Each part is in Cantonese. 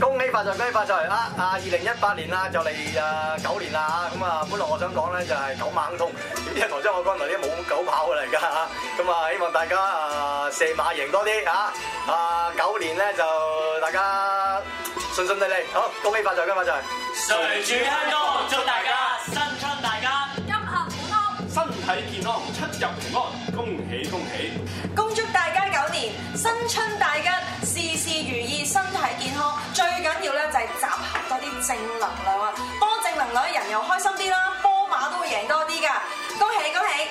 恭喜發財，恭喜發財啊！啊，二零一八年啊，就嚟啊狗年啦嚇，咁啊，本來我想講咧就係狗猛通，點知頭先我講台啲冇狗跑嚟㗎嚇，咁啊希望大家啊射馬贏多啲嚇，啊狗年咧就大家順順利利，好，恭喜發財，恭喜發財！財隨住亨通，祝大家新春大吉，金合平安，身體健康，出入平安，恭喜恭喜，恭祝大家狗年新春大吉。集合多啲正能量啊！幫正能量啲人又開心啲啦，波馬都會贏多啲噶。恭喜恭喜！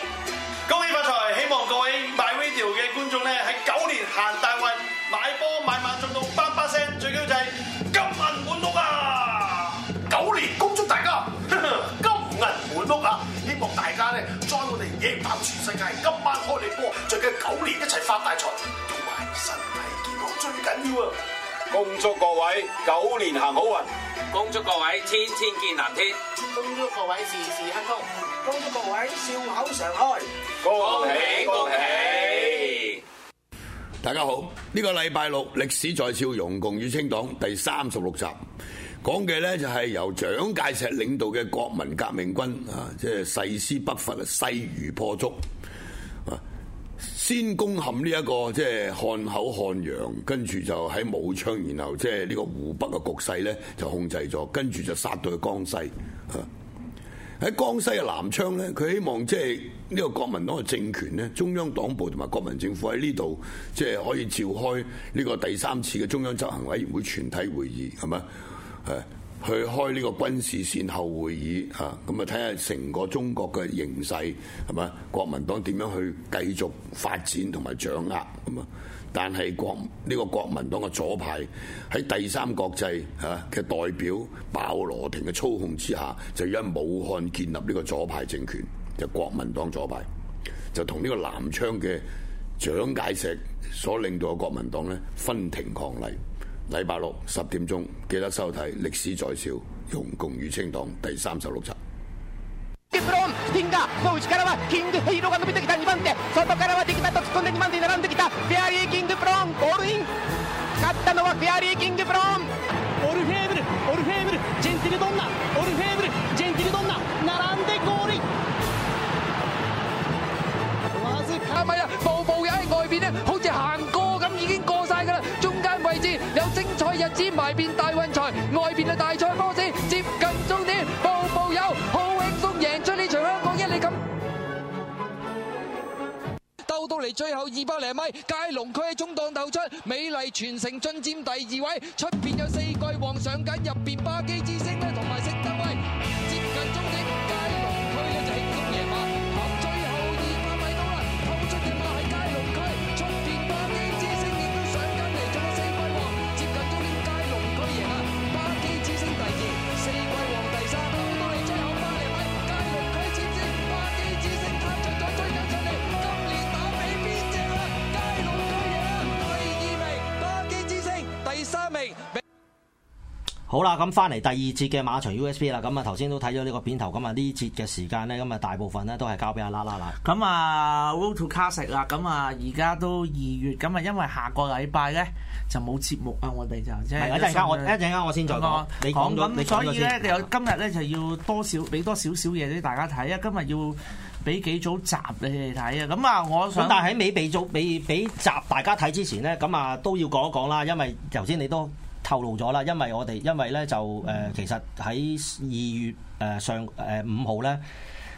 恭喜發財！希望各位買 video 嘅觀眾咧，喺九年行大運，買波買馬中到叭叭聲，最緊要就係金銀滿屋啊！九年恭祝大家金銀滿屋啊！希望大家咧，在我哋贏爆全世界，今晚開你波，最緊九年一齊發大財，同埋身體健康最緊要啊！恭祝各位九年行好運，恭祝各位天天見藍天，恭祝各位事事亨通，恭祝各位笑口常開，恭喜恭喜！恭喜大家好，呢、這個禮拜六歷史在笑，容共與清黨第三十六集講嘅呢，就係由蔣介石領導嘅國民革命軍啊，即係誓師北伐，勢如破竹啊！先攻陷呢一個即係漢口、漢陽，跟住就喺武昌，然後即係呢個湖北嘅局勢咧就控制咗，跟住就殺到去江西。喺江西嘅南昌咧，佢希望即係呢個國民黨嘅政權咧，中央黨部同埋國民政府喺呢度即係可以召開呢個第三次嘅中央執行委員會全體會議，係嘛？係。去開呢個軍事善後會議嚇，咁啊，睇下成個中國嘅形勢係嘛？國民黨點樣去繼續發展同埋掌握咁啊？但係國呢、呢個國民黨嘅左派喺第三國際嚇嘅，啊、代表鮑羅廷嘅操控之下，就因武漢建立呢個左派政權，就是、國民黨左派就同呢個南昌嘅蔣介石所領導嘅國民黨咧分庭抗禮。禮拜六十點鐘記得收睇《歷史在笑》《容共與清黨》第三十六集。支埋變大運財，外邊嘅大賽方式，接近終點，步步有好輕鬆，贏出呢場香港一哩錦。兜到嚟最後二百零米，佳龍駒喺中檔透出，美麗傳承進佔第二位，出邊有四季王上緊，入邊巴基之星咧同埋。好啦，咁翻嚟第二節嘅馬場 USB 啦，咁啊頭先都睇咗呢個片頭，咁啊呢節嘅時間咧，咁啊大部分咧都係交俾阿啦啦啦。咁啊，Road To Classic 啦，咁啊而家都二月，咁啊因為下個禮拜咧就冇節目啊，我哋就即係一陣間我一陣間我先再講。說你講咗，你所以咧又先今日咧就要多少俾多少少嘢俾大家睇啊，今日要俾幾組集你哋睇啊。咁啊，我想。咁但喺未俾組俾俾集大家睇之前咧，咁啊都要講一講啦，因為頭先你，你都。透露咗啦，因為我哋因為咧就誒、呃，其實喺二月誒、呃、上誒五、呃、號咧，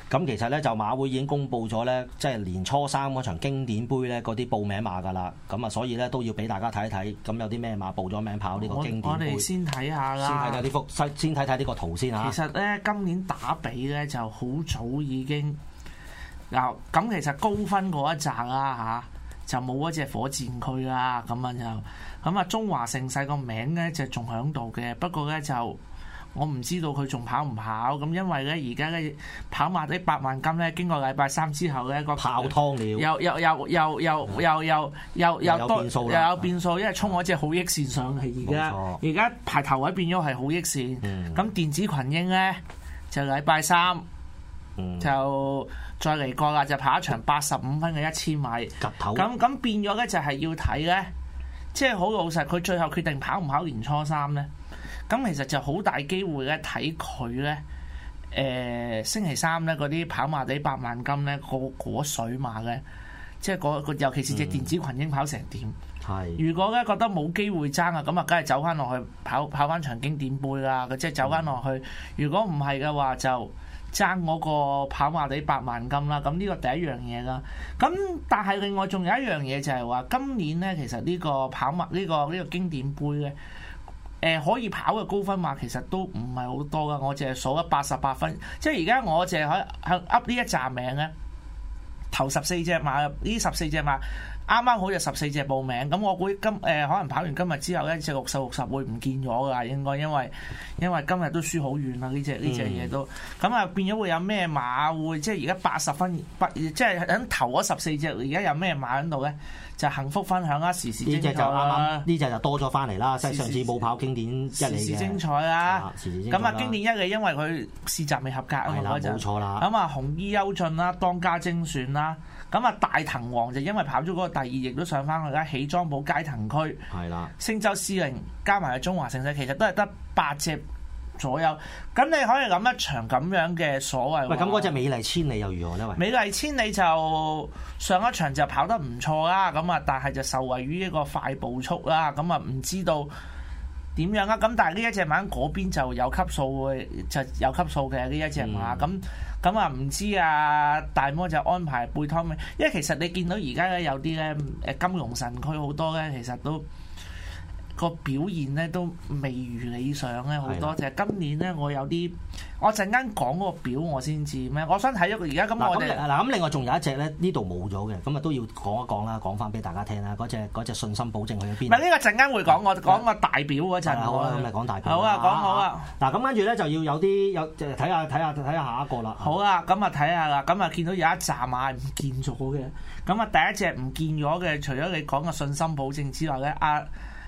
咁其實咧就馬會已經公布咗咧，即係年初三嗰場經典杯咧嗰啲報名馬噶啦，咁啊所以咧都要俾大家睇一睇，咁、嗯、有啲咩馬報咗名跑呢我個經典杯。我哋先睇下啦，先睇睇呢幅，先睇睇呢個圖先嚇、啊。其實咧今年打比咧就好早已經嗱，咁、呃、其實高分嗰一集啊。嚇。就冇嗰隻火箭佢啦，咁樣就咁啊，中華盛世個名咧就仲喺度嘅，不過咧就我唔知道佢仲跑唔跑，咁因為咧而家咧跑馬地百萬金咧經過禮拜三之後咧個泡湯了，又又又又又、嗯、又又又多又有變數，因為衝嗰隻好益線上去，而家而家排頭位變咗係好益線，咁、嗯、電子群英咧就禮拜三就。嗯嗯就再嚟過啦，就跑一場八十五分嘅一千米。夾頭。咁咁變咗咧，就係、是、要睇咧，即係好老實，佢最後決定跑唔跑年初三咧？咁其實就好大機會咧，睇佢咧，誒、呃、星期三咧嗰啲跑馬地百萬金咧，嗰嗰水馬嘅，即係嗰、那個尤其是隻電子群英跑成點？係、嗯。如果咧覺得冇機會爭啊，咁啊，梗係走翻落去跑跑翻場經典杯啦，即係走翻落去。嗯、如果唔係嘅話，就。爭我跑個跑馬地百萬金啦，咁、這、呢個第一樣嘢啦。咁但係另外仲有一樣嘢就係話，今年呢其實呢個跑馬呢個呢個經典杯咧，誒、呃、可以跑嘅高分馬其實都唔係好多噶，我淨係數咗八十八分，即係而家我淨係喺喺噏呢一揸名呢，頭十四隻馬呢十四隻馬。啱啱好就十四隻報名，咁我估今誒、呃、可能跑完今日之後，呢隻六十六十會唔見咗㗎，應該因為因為今日都輸好遠啦，呢隻呢隻嘢都咁啊，嗯、變咗會有咩馬會？即係而家八十分八，八，即係喺頭嗰十四隻，而家有咩馬喺度咧？就幸福分享啦，時時精彩呢隻就啱啱，呢隻就多咗翻嚟啦。時時上次冇跑經典一哩，時，時精彩，時時精彩啊！咁啊，經典一哩因為佢試習未合格啊嘛，冇的才錯啦。咁啊，紅衣優進啦，當家精選啦。咁啊，大藤王就因為跑咗嗰個第二，亦都上翻去而家起莊寶街騰區。係啦的。星洲司令加埋係中華盛世，其實都係得八隻。左右，咁你可以諗一場咁樣嘅所謂喂，咁嗰隻美麗千里又如何咧？美麗千里就上一場就跑得唔錯啦，咁啊，但係就受惠於一個快步速啦，咁啊，唔知道點樣啦。咁但係呢一隻馬嗰邊就有級數嘅，就有級數嘅呢一隻馬。咁咁啊，唔知啊，大魔就安排背托尾，因為其實你見到而家咧有啲咧誒金融神區好多咧，其實都。個表現咧都未如理想咧，好多隻的今年咧，我有啲我陣間講個表，我先知咩？我想睇一個，而家咁我只嗱咁，另外仲有一隻咧，呢度冇咗嘅，咁啊都要講一講啦，講翻俾大家聽啦。嗰隻嗰隻信心保證去咗邊？唔係呢個陣間會講的我講個大表嗰陣好啦，咁咪講大表好，大表好啊，講好啦的。嗱咁跟住咧就要有啲有睇下睇下睇下下一個啦。好啊，咁啊睇下啦，咁啊見到有一站係唔見咗嘅，咁啊第一隻唔見咗嘅，除咗你講個信心保證之外咧，阿、啊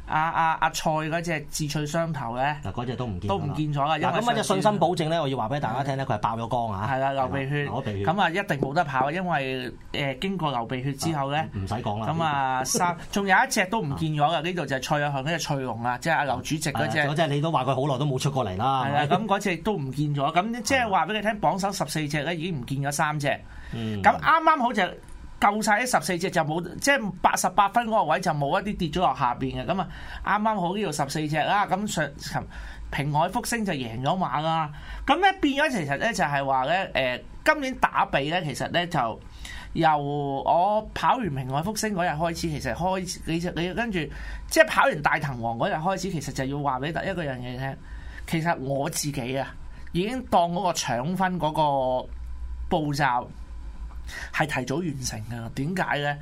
阿阿阿蔡嗰隻智趣雙頭咧嗱，嗰隻都唔都唔見咗啦。咁嗰隻信心保證咧？我要話俾大家聽咧，佢係爆咗光啊！係啦，流鼻血，流鼻血咁啊，一定冇得跑，因為誒經過流鼻血之後咧，唔使講啦。咁啊，三仲有一隻都唔見咗嘅，呢度就係蔡友強嗰隻翠龍啊，即係阿劉主席嗰隻。嗰隻你都話佢好耐都冇出過嚟啦。係啦，咁嗰隻都唔見咗，咁即係話俾你聽，榜首十四隻咧已經唔見咗三隻。咁啱啱好隻。夠晒啲十四隻就冇，即係八十八分嗰個位就冇一啲跌咗落下邊嘅。咁啊啱啱好呢度十四隻啊！咁上琴平海福星就贏咗馬啦。咁咧變咗，其實咧就係話咧誒，今年打比咧，其實咧就由我跑完平海福星嗰日開始，其實開始你你跟住即係跑完大騰王嗰日開始，其實就要話俾第一個人嘅聽，其實我自己啊已經當嗰個搶分嗰個步驟。係提早完成嘅，點解咧？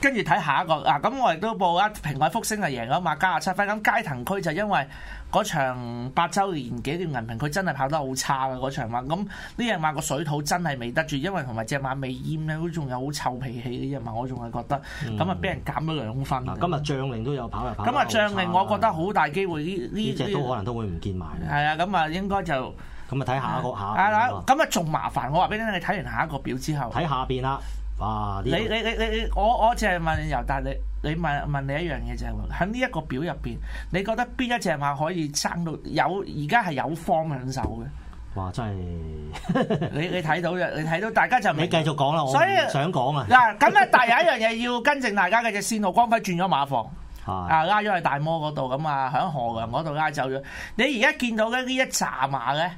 跟住睇下一個嗱，咁、啊、我亦都報啊，平海福星係贏咗馬加廿七分。咁街騰區就因為嗰場八周年紀念銀瓶，佢真係跑得好差嘅嗰場嘛。咁呢隻馬個水土真係未得住，因為同埋隻馬未淹咧，佢仲有好臭脾氣嘅嘛。我仲係覺得咁啊，俾人減咗兩分，嗯。今日將令都有跑咁啊，將令我覺得好大機會，呢呢隻都可能都會唔見埋。係啊，咁啊，應該就。咁啊睇下一個下一個，咁啊仲麻煩。我話俾你聽，你睇完下一個表之後，睇下邊啦。哇！你你你你你，我我淨係問你，但係你你問問你一樣嘢就係喺呢一個表入邊，你覺得邊一隻馬可以撐到有？而家係有方享受嘅。哇！真係 你你睇到嘅，你睇到，你睇到大家就你繼續講啦。我所以想講啊。嗱，咁啊，有一樣嘢要跟正大家嘅隻、就是、線路光輝轉咗馬房，的啊拉咗去大摩嗰度，咁啊響河南嗰度拉走咗。你而家見到嘅呢一扎馬咧？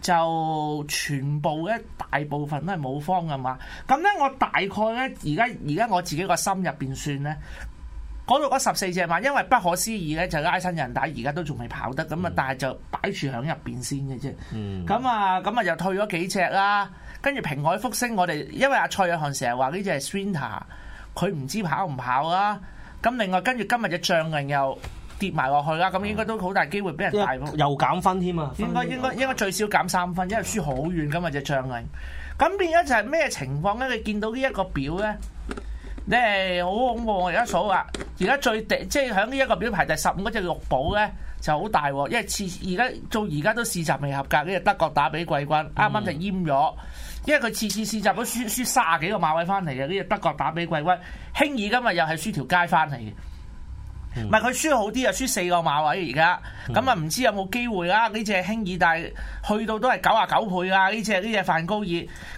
就全部咧，大部分都係冇方嘅嘛。咁咧，我大概咧，而家而家我自己個心入邊算咧，嗰度嗰十四隻嘛，因為不可思議咧，就拉親韌帶，而家都仲未跑得，咁、嗯、啊，但係就擺住響入邊先嘅啫。嗯。咁啊，咁啊，就退咗幾隻啦。跟住平海福星我，我哋因為阿蔡若翰成日話呢隻係 Sprinter 佢唔知跑唔跑啊。咁另外跟住今日嘅醬銀又。跌埋落去啦，咁應該都好大機會俾人大又減分添啊！應該應該了應該最少減三分，因為輸好遠㗎嘛隻障礙。咁變咗就係咩情況咧？你見到呢一個表咧，你係好恐怖！而家數啊，而家最第即係響呢一個表排第十五嗰隻六寶咧，就好大喎！因為次而家做，而家都試閘未合格，呢隻德國打比季軍，啱啱就閹咗。因為佢次次試閘都輸輸三十幾個馬位翻嚟嘅，呢隻德國打比季軍，輕易今日又係輸條街翻嚟嘅。唔係佢輸好啲啊，輸四個馬位而家，咁啊唔知有冇機會啦？呢隻輕易，但係去到都係九十九倍啊！呢隻呢隻梵高爾，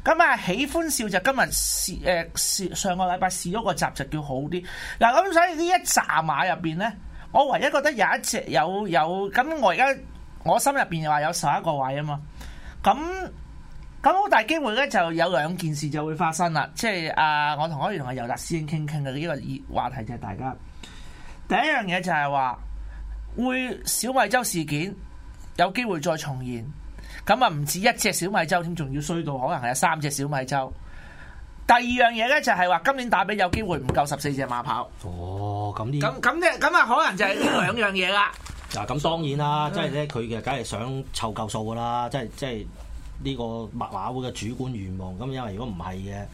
咁啊喜歡笑就今日試誒、呃、試上個禮拜試咗個集就叫好啲。嗱，咁所以一呢一閘馬入邊咧，我唯一覺得有一隻有有咁，我而家我心入邊又話有十一個位啊嘛。咁咁好大機會咧，就有兩件事就會發生啦。即係啊、呃，我同阿袁同阿尤達師兄傾傾嘅呢個熱話題就係大家。第一樣嘢就係話會小米洲事件有機會再重現，咁啊唔止一隻小米洲，添仲要衰到可能係有三隻小米洲。第二樣嘢咧就係話今年打吡有機會唔夠十四隻馬跑。哦，咁呢？咁咁即咁啊，可能就係呢兩樣嘢啦。嗱，咁當然啦，即係咧，佢嘅梗係想湊夠數噶啦，即係即係呢個馬馬會嘅主觀願望。咁因為如果唔係嘅。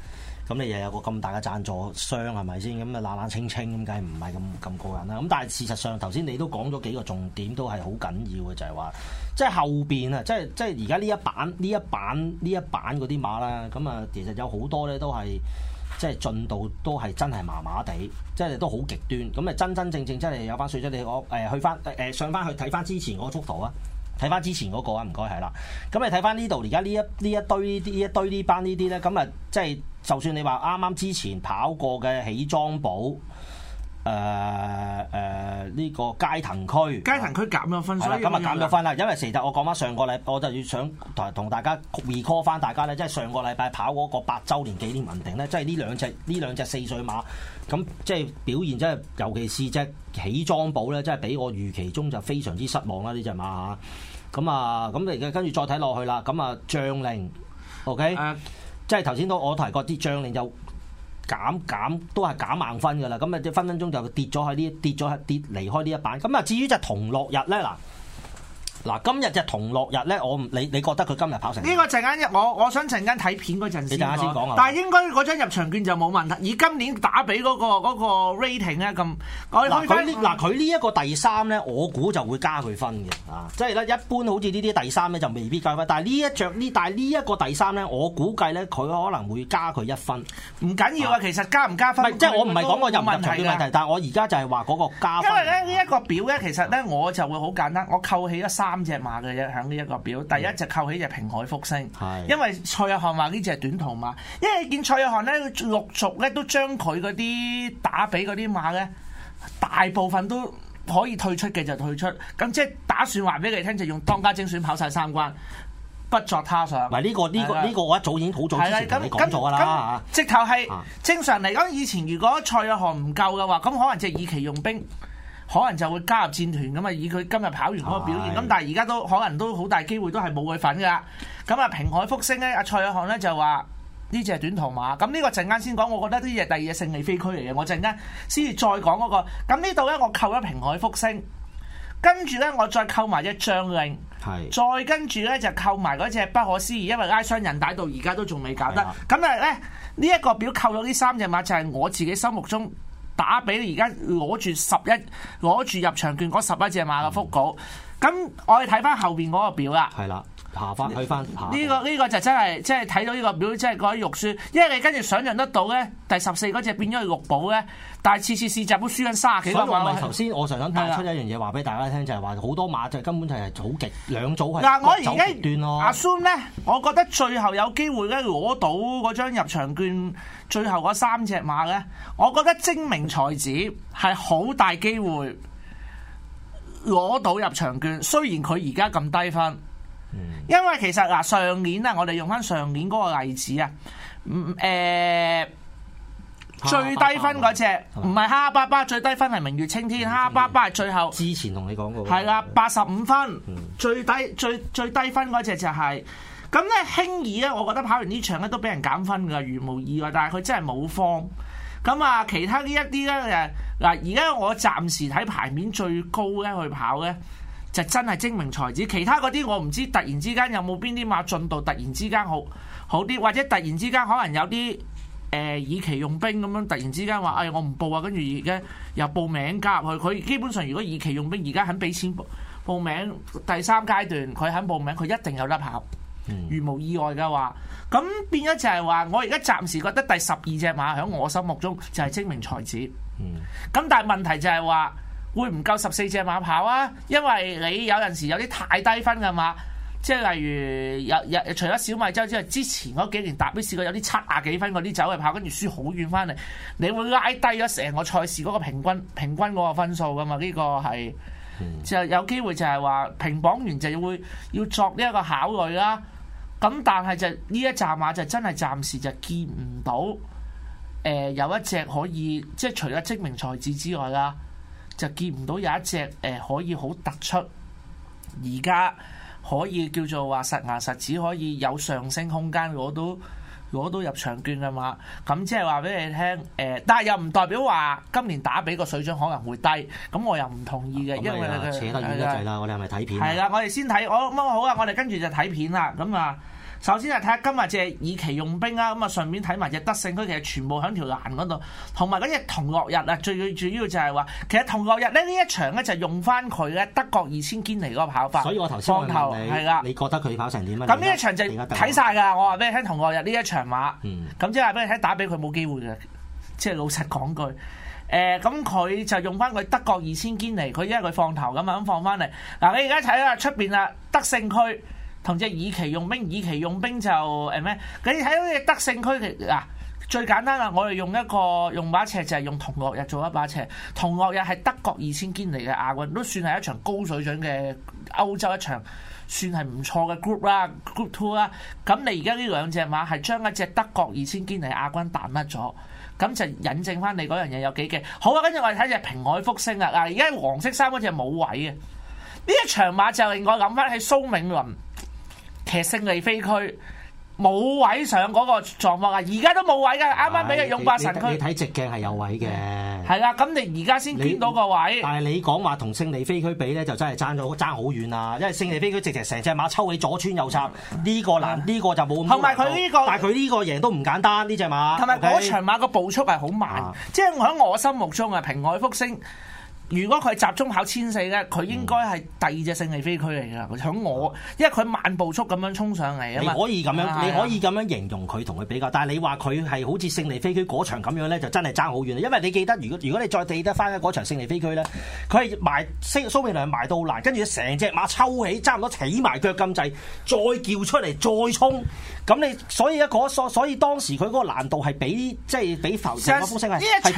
咁你又有個咁大嘅贊助商係咪先咁啊？冷冷清清咁，梗係唔係咁咁過癮啦？咁但係事實上，頭先你都講咗幾個重點，都係好緊要嘅，就係話即係後邊啊，即係即係而家呢一版呢一版呢一版嗰啲馬啦。咁啊，其實有好多咧都係即係進度都係真係麻麻地，即係都好極端。咁啊，真真正正真係有翻水質。你我誒、呃、去翻誒上翻去睇翻之前嗰個速度啊！睇翻之前嗰個啊，唔該係啦。咁你睇翻呢度，而家呢一呢一堆呢一堆呢班呢啲咧，咁啊，即係就算你話啱啱之前跑過嘅起莊保。誒誒呢個階騰區，階騰區減咗分，係啦，咁啊減咗分啦，因為其實我講翻上個禮拜，我就要想同同大家 recall 翻大家咧，即係上個禮拜跑嗰個八周年紀念文定咧，即係呢兩隻呢兩隻四歲馬，咁即係表現真係，尤其是隻起莊寶咧，即係比我預期中就非常之失望啦，呢隻馬嚇，咁啊，咁嚟嘅跟住再睇落去啦，咁啊將領，OK，uh, 即係頭先都我提過啲將領就。減減都係減萬分㗎喇，咁啊即分分鐘就跌咗喺呢跌咗喺跌離開呢一版。咁啊至於就同樂日咧嗱。嗱，今日就同樂日咧，我唔你，你覺得佢今日跑成？呢個陣間，我，我想陣間睇片嗰陣先講啊。但係應該嗰張入場券就冇問題。以今年打俾嗰個 rating 咧咁，嗱佢呢一個第三咧，我估就會加佢分嘅嚇。即係咧，一般好似呢啲第三咧就未必加分，但係呢一著呢，但係呢一個第三咧，我估計咧佢可能會加佢一分。唔緊要啊，其實加唔加分，即係我唔係講個入唔入場券問題，但係我而家就係話嗰個加。因為咧呢一個表咧，其實咧我就會好簡單，我扣起咗三。三隻馬嘅一喺呢一個表，第一隻扣起隻平海福星，係是的 因為蔡約翰話呢隻係短途馬，因為見蔡約翰咧，陸續咧都將佢嗰啲打俾嗰啲馬咧，大部分都可以退出嘅就退出，咁即係打算話俾你聽，就用當家精選跑晒三關，不作他想。唔係呢個呢個呢個，這個、的個我一早已經好早之前都講咗噶啦， 直頭係正常嚟講，以前如果蔡約翰唔夠嘅話，咁可能就以奇用兵。可能就會加入戰團咁啊！以佢今日跑完嗰個表現，咁的但係而家都可能都好大機會都係冇佢份噶。咁啊，平海福星咧，阿蔡約翰咧就話呢只係短途馬。咁呢個陣間先講，我覺得呢隻第二隻勝利飛區嚟嘅。我陣間先至再講嗰、那個。咁呢度咧，我扣咗平海福星，跟住咧我再扣埋一隻將令，的再跟住咧就扣埋嗰隻不可思議，因為拉傷人帶到而家都仲未搞得。咁但係咧，呢一、這個表扣咗呢三隻馬就係、是、我自己心目中。打俾你而家攞住十一，攞住入場券嗰十一隻馬嘅福稿，咁、嗯、我哋睇翻後邊嗰個表啦。下翻去翻呢、這個呢、這個就真係即係睇到呢個表，即係嗰啲肉酸，因為你跟住想像得到咧，第十四嗰隻變咗去六寶咧，但係次次試就都輸緊三十幾萬。所以咪頭先我常想突出一樣嘢話俾大家聽，的就係話好多馬就根本就係組極兩組係。嗱我而家斷咯。阿、啊、孫咧，我覺得最後有機會咧攞到嗰張入場券，最後嗰三隻馬咧，我覺得精明才子係好大機會攞到入場券，雖然佢而家咁低分。因為其實嗱、啊、上年啊，我哋用翻上年嗰個例子啊，誒最低分嗰隻唔係哈巴巴，最低分係明月青天，青天哈巴巴係最後。之前同你講過。係啦、啊，八十五分、嗯最最，最低最最低分嗰隻就係咁咧，輕易咧、啊，我覺得跑完呢場咧都俾人減分噶，如無意外，但係佢真係冇慌。咁啊，其他一呢一啲咧，嗱，而家我暫時睇排面最高咧去跑咧。就真係精明才子，其他嗰啲我唔知。突然之間有冇邊啲馬進度突然之間好好啲，或者突然之間可能有啲誒二期用兵咁樣，突然之間話誒、哎、我唔報啊，跟住而家又報名加入去。佢基本上如果二期用兵，而家肯俾錢報名，第三階段佢肯報名，佢一定有得跑，如無意外嘅話。咁變咗就係話，我而家暫時覺得第十二隻馬喺我心目中就係精明才子。咁但係問題就係話，會唔夠十四隻馬跑啊？因為你有陣時有啲太低分㗎嘛，即係例如有有，有除咗小米洲之外，之前嗰幾年打吡試過有啲七啊幾分嗰啲走嚟跑，跟住輸好遠翻嚟，你會拉低咗成個賽事嗰個平均平均嗰個分數㗎嘛？呢、呢個係就有機會就係話評榜完就要要作呢一個考慮啦。咁但係就呢一閘馬就真係暫時就見唔到誒、呃、有一隻可以即係除咗精明才智之外啦。就見唔到有一隻誒、呃、可以好突出，而家可以叫做話實牙實齒，可以有上升空間攞到攞到入場券吖嘛，咁即係話俾你聽誒、呃。但係又唔代表話今年打俾個水準可能會低，咁我又唔同意嘅。因啊，啊因為得扯得遠一陣啦，我哋係咪睇片？係、哦、啦，我哋先睇我，咁好啊，我哋跟住就睇片啦，咁啊。首先係睇下今日隻以奇用兵啊，咁啊順便睇埋隻得勝駒，其實全部喺條欄嗰度，同埋嗰隻同樂日啊，最最主要就係話，其實同樂日咧呢一場咧就用翻佢咧德國二千堅尼嗰個跑法，所以我頭先放頭係啦，你，的你覺得佢跑成點啊？咁呢一場就睇晒㗎，我話俾你聽，同樂日呢一場馬，咁即係話俾你睇，打俾佢冇機會嘅，即係老實講句，誒咁佢就用翻佢德國二千堅尼，佢因為佢放頭咁啊，咁放翻嚟。嗱你而家睇下出邊啊，得勝駒。同隻以奇用兵，以奇用兵就誒咩？你喺嗰隻得勝駒嘅嗱、啊，最簡單啦。我哋用一個用把尺就係用同樂日做一把尺，同樂日係德國二千堅尼嘅亞軍，都算係一場高水準嘅歐洲一場，算係唔錯嘅 group 啦，group two 啦、啊。咁你而家呢兩隻馬係將一隻德國二千堅尼亞軍彈甩咗，咁就引證翻你嗰樣嘢有幾勁。好啊，跟住我哋睇隻平海福星啊！嗱，而家黃色衫嗰隻冇位嘅呢一場馬就令我諗翻起蘇銘倫。其實勝利飛駒冇位上嗰個狀況啊，而家都冇位噶，啱啱俾佢永霸神駒。你睇直鏡係有位嘅，係啦，咁你而家先見到個位。但係你講話同勝利飛駒比咧，就真係爭咗爭好遠啦，因為勝利飛駒直情成隻馬抽起左穿右插，呢、這個難呢但個就冇。同埋佢呢個，但係佢呢個贏都唔簡單呢隻、這個、馬。同埋嗰場馬個步速係好慢，啊、即係喺我心目中啊，平海福星。如果佢集中考千四咧，佢應該係第二隻勝利飛驅嚟噶。響我，因為佢慢步速咁樣衝上嚟啊。你可以咁樣，嗯、你可以咁樣形容佢同佢比較。但係你話佢係好似勝利飛驅嗰場咁樣咧，就真係爭好遠。因為你記得，如果如果你再記得翻嗰場勝利飛驅咧，佢係埋蘇媚良埋到難，跟住成隻馬抽起，差唔多起埋腳咁滯，再叫出嚟，再衝。咁你所以一嗰所，所以當時佢個難度係比即係比浮成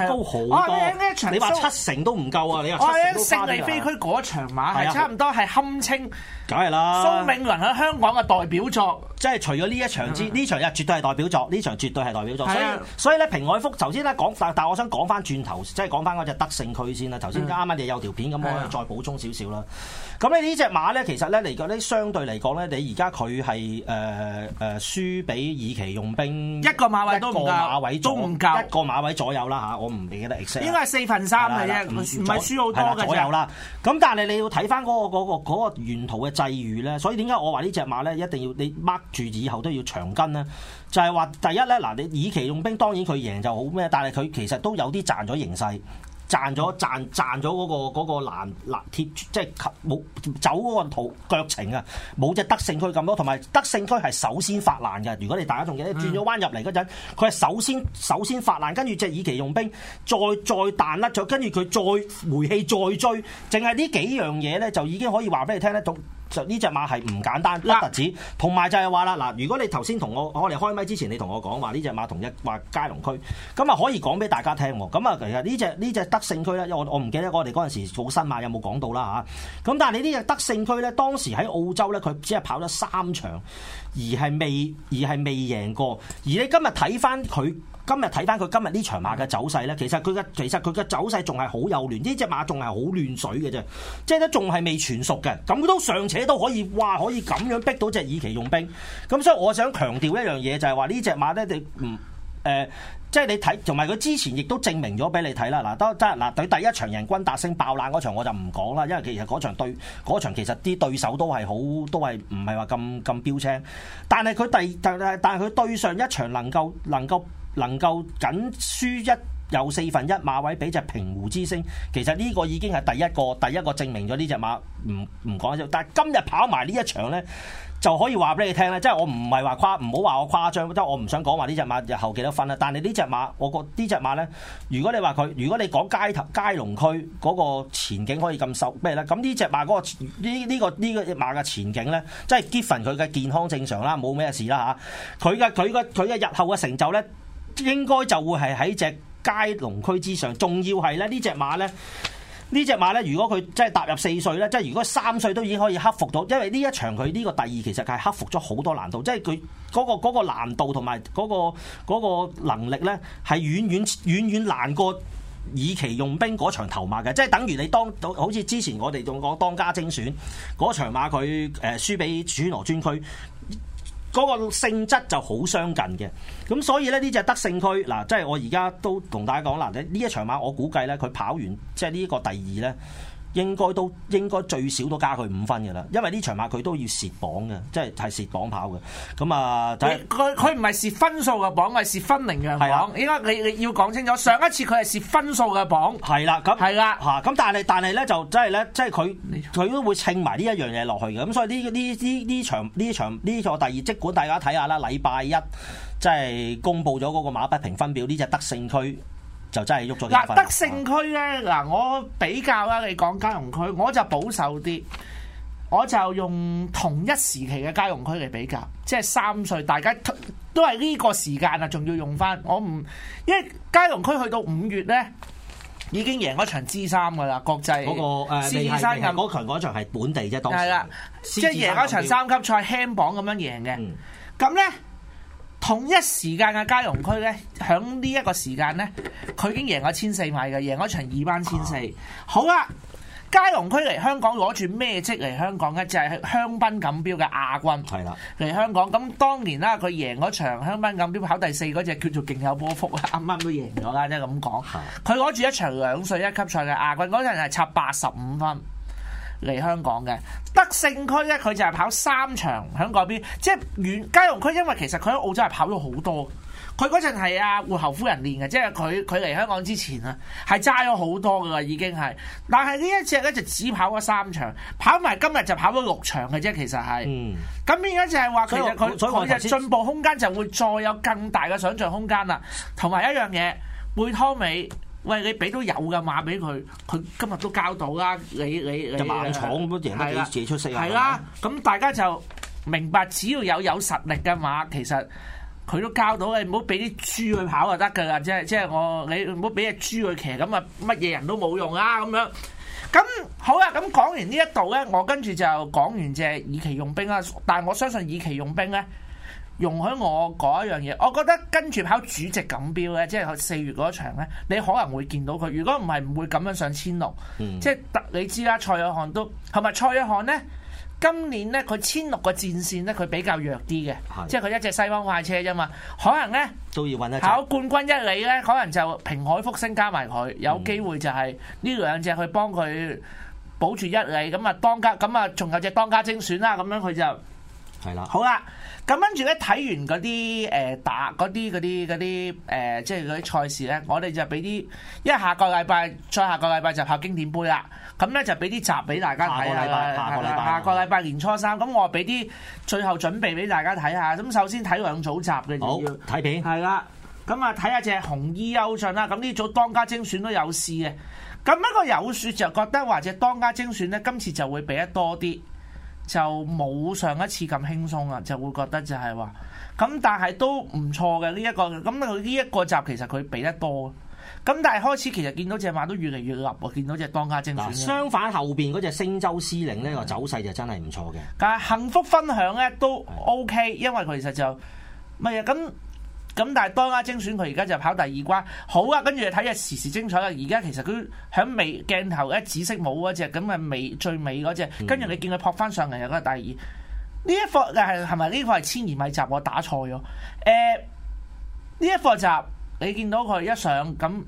高好多。啊、你話七成都唔夠啊？我喺勝利飛駒嗰場馬，係差唔多係堪稱，梗係啦。蘇銘倫喺香港嘅代表作，即係除咗呢一場之，呢場咧絕對係代表作，呢場絕對係代表作。所以所以咧，平安福頭先咧講，但但係我想講翻轉頭，即係講翻嗰隻得勝駒先啦。頭先啱啱亦有條片咁，我哋再補充少少啦。咁你呢隻馬咧，其實咧嚟講咧，相對嚟講咧，你而家佢係誒誒輸俾以奇用兵一個馬位都唔夠，一個馬位左唔夠，一個馬位左右啦嚇。我唔記得得 exact 應該係四分三嘅啫，唔係。係咯，多右啦。咁但係你要睇翻嗰個嗰個沿途嘅際遇咧。所以點解我話呢隻馬咧一定要你掹住以後都要長跟咧？就係、是、話第一咧，嗱，你以奇用兵，當然佢贏就好咩？但係佢其實都有啲賺咗形勢。賺咗賺賺咗嗰、那個嗰、那個難難鐵，即係冇走嗰個途腳程啊，冇隻得勝駒咁多，同埋得勝駒係首先發難嘅。如果你大家仲記得、嗯、轉咗彎入嚟嗰陣，佢係首先首先發難，跟住隻以奇用兵再再彈甩咗，跟住佢再回氣再追，淨係呢幾樣嘢咧就已經可以話俾你聽得到。就呢隻馬係唔簡單，拉特子，同埋就係話啦，嗱，如果你頭先同我我哋開麥之前你，你同我講話呢隻馬同一或佳龍駒，咁啊可以講俾大家聽。咁啊其實呢隻呢隻得勝駒咧，因為我我唔記得我哋嗰陣時做新馬有冇講到啦嚇。咁、啊、但係你呢隻得勝駒咧，當時喺澳洲咧，佢只係跑咗三場，而係未而係未贏過，而你今日睇翻佢。今日睇翻佢今日呢場馬嘅走勢呢，其實佢嘅其實佢嘅走勢仲係好幼嫩，呢隻馬仲係好亂水嘅啫，即係都仲係未全熟嘅，咁都尚且都可以哇，可以咁樣逼到隻以奇用兵咁，所以我想強調一樣嘢就係話呢隻馬呢，你唔誒、呃？即係你睇同埋佢之前亦都證明咗俾你睇啦。嗱、啊，得真嗱，佢第一場人均達升爆冷嗰場，我就唔講啦，因為其實嗰場對嗰場其實啲對手都係好都係唔係話咁咁標青，但係佢第但係佢對上一場能夠能夠。能夠僅輸一有四分一馬位俾隻平湖之星，其實呢個已經係第一個，第一個證明咗呢隻馬唔唔講笑。但係今日跑埋呢一場咧，就可以話俾你聽啦。即係我唔係話誇，唔好話我誇張，即係我唔想講話呢隻馬日後幾多分啦。但係呢隻馬，我覺得隻呢隻馬咧，如果你話佢，如果你講街頭佳龍駒嗰個前景可以咁受咩咧？咁呢隻馬嗰、嗰個呢呢個呢個馬嘅前景咧，即係 given 佢嘅健康正常啦，冇咩事啦嚇。佢嘅佢嘅佢嘅日後嘅成就咧。應該就會係喺隻佳龍駒之上，仲要係咧呢隻馬呢，呢隻馬呢，如果佢即係踏入四歲呢，即係如果三歲都已經可以克服到，因為呢一場佢呢個第二其實係克服咗好多難度，即係佢嗰個嗰個難度同埋嗰個能力呢，係遠遠遠遠難過以期用兵嗰場頭馬嘅，即係等於你當到好似之前我哋仲講當家精選嗰場馬佢誒輸俾主羅專區。嗰個性質就好相近嘅，咁所以咧呢隻得勝駒，嗱，即係我而家都同大家講啦，呢呢一場馬我估計咧，佢跑完即係呢個第二咧。應該都應該最少都加佢五分嘅啦，因為呢場馬佢都要蝕榜嘅，即係係蝕榜跑嘅。咁啊，佢佢唔係蝕分數嘅榜，係蝕分零嘅榜。係啊的，應該你你要講清楚，上一次佢係蝕分數嘅榜。係啦，咁係啦，嚇咁的的但係但係咧就即係咧，即係佢佢都會秤埋呢一樣嘢落去嘅。咁所以呢呢呢呢場呢場呢個第二，即管大家睇下啦，禮拜一即係公布咗嗰個馬匹評分表，呢隻得勝駒。就真係喐咗嗱，得勝駒咧，嗱，我比較啦。你講佳龍駒，我就保守啲，我就用同一時期嘅佳龍駒嚟比較。即係三歲，大家都都係呢個時間啊，仲要用翻。我唔，因為佳龍駒去到五月咧，已經贏咗場 G3 噶啦，那個、國際嗰、那個誒 G3 啊，嗰、呃那個、場係本地啫，當時係啦，即係的贏咗場三級賽輕磅咁樣贏嘅。咁咧、嗯。同一時間嘅佳龍駒呢，喺呢一個時間呢，佢已經贏咗千四米嘅，贏咗場二班千四。啊、好啦，佳龍駒嚟香港攞住咩積嚟香港呢就係、是、香檳錦標嘅亞軍。嚟香港咁當年啦，佢贏嗰場香檳錦標跑第四嗰隻叫做勁有波幅啊！啱啱都贏咗啦，即係咁講。佢攞住一場兩歲一級賽嘅亞軍嗰陣係插八十五分。嚟香港嘅德勝區咧，佢就係跑三場喺嗰邊，即係遠佳龍駒，因為其實佢喺澳洲係跑咗好多。佢嗰陣係啊，會後夫人練嘅，即係佢佢嚟香港之前啊，係揸咗好多嘅啦，已經係。但係呢一隻咧就只跑咗三場，跑埋今日就跑咗六場嘅啫，其實係。咁變咗就係話，其實佢進步空間就會再有更大嘅想像空間啦。同埋一樣嘢，貝湯尾。喂，你俾到有嘅馬俾佢，佢今日都交到啦。你你你就盲闖咁樣，贏得幾幾出色係啦。咁的大家就明白，只要有有實力嘅馬，其實佢都交到你，唔好俾啲豬去跑就得噶啦。即係即係我你唔好俾隻豬去騎，咁啊乜嘢人都冇用啊咁樣。咁好啦，啊，咁講完呢一度咧，我跟住就講完隻以奇用兵啦。但係我相信以奇用兵咧。容許我講一樣嘢，我覺得跟住跑主席錦標咧，即係佢四月嗰場咧，你可能會見到佢。如果唔係，唔會咁樣上千六。即係你知啦，是是蔡約翰都係咪？蔡約翰呢，今年呢，佢千六個戰線呢，佢比較弱啲嘅，是的 即係佢一隻西方快車咋嘛。可能呢，都要揾一隻跑冠軍一哩呢，可能就平海福星加埋佢，有機會就係呢兩隻去幫佢保住一哩。咁啊，當家咁啊，仲有隻當家精選啦。咁樣佢就係啦，好啦。咁跟住咧，睇完嗰啲誒打嗰啲嗰啲嗰啲誒，即係嗰啲賽事咧，我哋就俾啲，因為下個禮拜再下個禮拜就拍經典杯啦。咁咧就俾啲集俾大家睇下，下個禮拜，下個禮拜，吧下個禮拜年初三，咁我啊俾啲最後準備俾大家睇下。咁首先睇兩組集嘅好，睇片，係啦。咁啊睇下隻紅衣優峻啦。咁呢組當家精選都有試嘅。咁一個有説就覺得或者當家精選咧，今次就會俾得多啲。就冇上一次咁輕鬆喇，就會覺得就係話咁，但係都唔錯嘅呢一個咁，佢呢一個集其實佢畀得多，咁但係開始其實見到隻馬都越嚟越立喎，見到隻當家精選。嗱是相反後邊嗰隻星洲司令呢的個走勢就真係唔錯嘅。但係幸福分享咧都 OK，的因為佢其實就係啊咁。咁但係當家精選佢而家就跑第二關，好啊！跟住睇嘅時時精彩啊。而家其實佢喺尾鏡頭一紫色冇嗰隻咁嘅尾最尾嗰隻，跟住你見佢撲翻上嚟，嗰個第二呢一課係係咪呢個係千二米集？我打錯咗。誒、欸，呢一課集你見到佢一上咁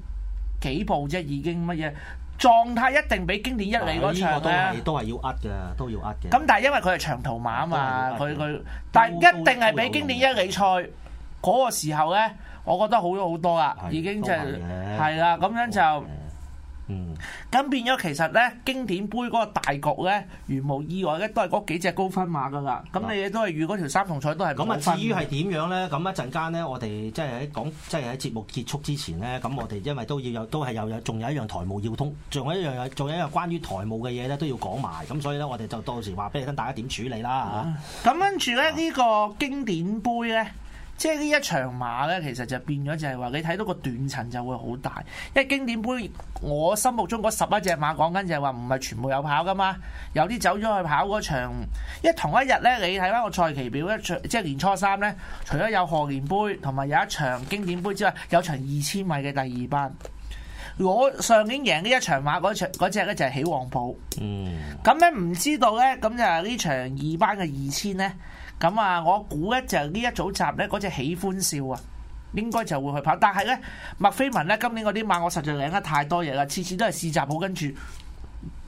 幾步啫，已經乜嘢狀態一定比經典一理嗰場咧、啊這個、都係要呃嘅，都要呃嘅。咁但係因為佢係長途馬啊嘛，佢佢都但係一定係比經典一理賽。嗰個時候咧，我覺得好咗好多啦， 已經就係、是、啦，咁的樣就嗯，咁變咗其實咧，經典杯嗰個大局咧，如無意外咧都係嗰幾隻高分馬噶啦，咁你哋都係預嗰條三同賽都係咁啊，至於係點樣咧？咁一陣間咧，我哋即係喺講，即係喺節目結束之前咧，咁我哋因為都要有，都係又有，仲有一樣台務要通，仲有一樣仲有一樣關於台務嘅嘢咧都要講埋，咁所以咧，我哋就到時話俾你身大家點處理啦嚇。咁跟住咧，嗯、呢、這個經典杯咧。 即係呢一場馬呢，其實就變咗就係話，你睇到個斷層就會好大。因為經典杯，我心目中嗰十一隻馬講緊就係話，唔係全部有跑噶嘛，有啲走咗去跑嗰場。因為同一日呢，你睇翻個賽期表咧，即係年初三呢，除咗有賀年杯同埋有一場經典杯之外，有場二千米嘅第二班。我上年贏呢一場馬嗰場嗰隻咧就係起旺埔。嗯。咁咧唔知道呢？咁就係呢場二班嘅二千呢。咁啊，我估咧就呢一組集咧，嗰隻喜歡笑啊，應該就會去跑。但係咧，麥飛文咧今年我啲馬我實在領得太多嘢啦，次次都係試集好，跟住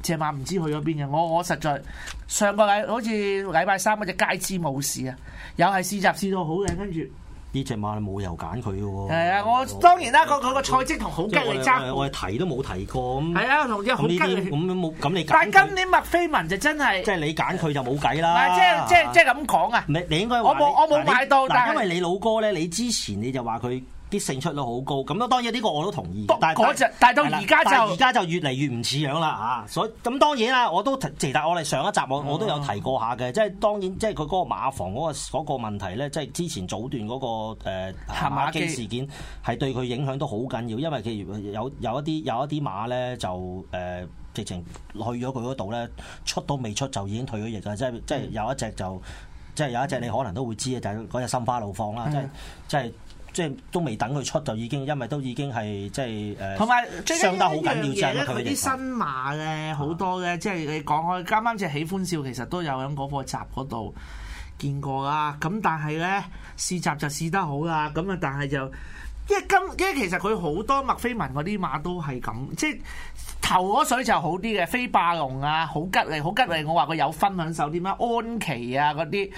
隻馬唔知去咗邊嘅。我我實在上個禮好似禮拜三嗰隻街知冇事啊，又係試集試到好嘅跟住。呢隻馬冇油揀佢嘅喎。係啊，我當然啦，個個菜蔡同好激烈爭。我哋睇都冇睇過咁。係啊，同咁呢啲咁都，但今年麥飛文就真係，即係你揀佢就冇計啦。即係即係即係咁講啊！你，你應該我冇，我冇買到，但係因為你老哥咧，你之前你就話佢。啲勝出率好高，咁咯，當然呢個我都同意。不但只，但係是到而家就，而家就越嚟越唔似樣啦嚇、啊，所以咁當然啦，我都，其實我哋上一集我我都有提過下嘅，嗯、即係當然，即係佢嗰個馬房嗰、那個嗰、那個問題咧，即係之前早段嗰、那個誒、呃、馬騮事件係對佢影響都好緊要，因為其實有有一啲有一啲馬咧就誒直情去咗佢嗰度咧，出到未出就已經退咗役啊！嗯、即係即係有一隻就，即係有一隻你可能都會知啊，就嗰、是、隻心花怒放啦，即係即係。即係都未等佢出就已經，因為都已經係即係誒。同、呃、埋有傷得好緊要，即係佢啲新馬咧好多咧，即係你講開，啱啱即係喜歡笑，其實都有喺嗰個集嗰度見過啦。咁但係咧試集就試得好啦。咁啊，但係就即係今，即係其實佢好多麥菲文嗰啲馬都係咁，即係。頭嗰水就好啲嘅，飛霸龍啊，好吉利，好吉利。我話佢有分享手啲咩安琪啊嗰啲，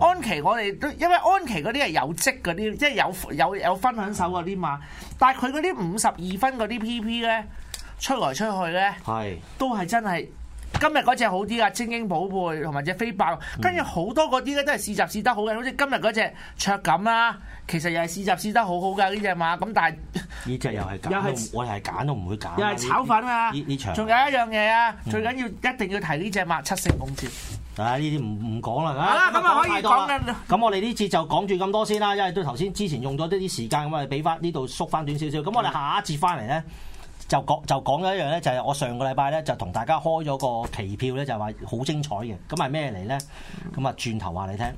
安琪、啊嗯、我哋都，因為安琪嗰啲係有職嗰啲，即係有有有分享手嗰啲嘛。但係佢嗰啲五十二分嗰啲 PP 咧，出來出去咧，是都係真係。今日嗰隻好啲噶，精英寶貝同埋隻飛豹，跟住好多嗰啲咧都係試集試得好嘅，好似今日嗰隻卓錦啦、啊，其實又係試集試得好好噶呢隻馬，咁但係呢隻又係是，又係我又係揀都唔會揀，又係炒粉啊！呢呢場仲有一樣嘢啊，嗯、最緊要一定要提呢隻馬七色孔雀。唉、啊，呢啲唔唔講啦。咁啊，啊可以講啦。咁我哋呢次就講住咁多先啦，因為都頭先之前用咗啲啲時間咁啊，俾翻呢度縮翻短少少。咁我哋下一節翻嚟咧。就講就講咗一樣咧，就係、是、我上個禮拜咧就同大家開咗個期票咧，就係話好精彩嘅。咁係咩嚟咧？咁啊轉頭話你聽。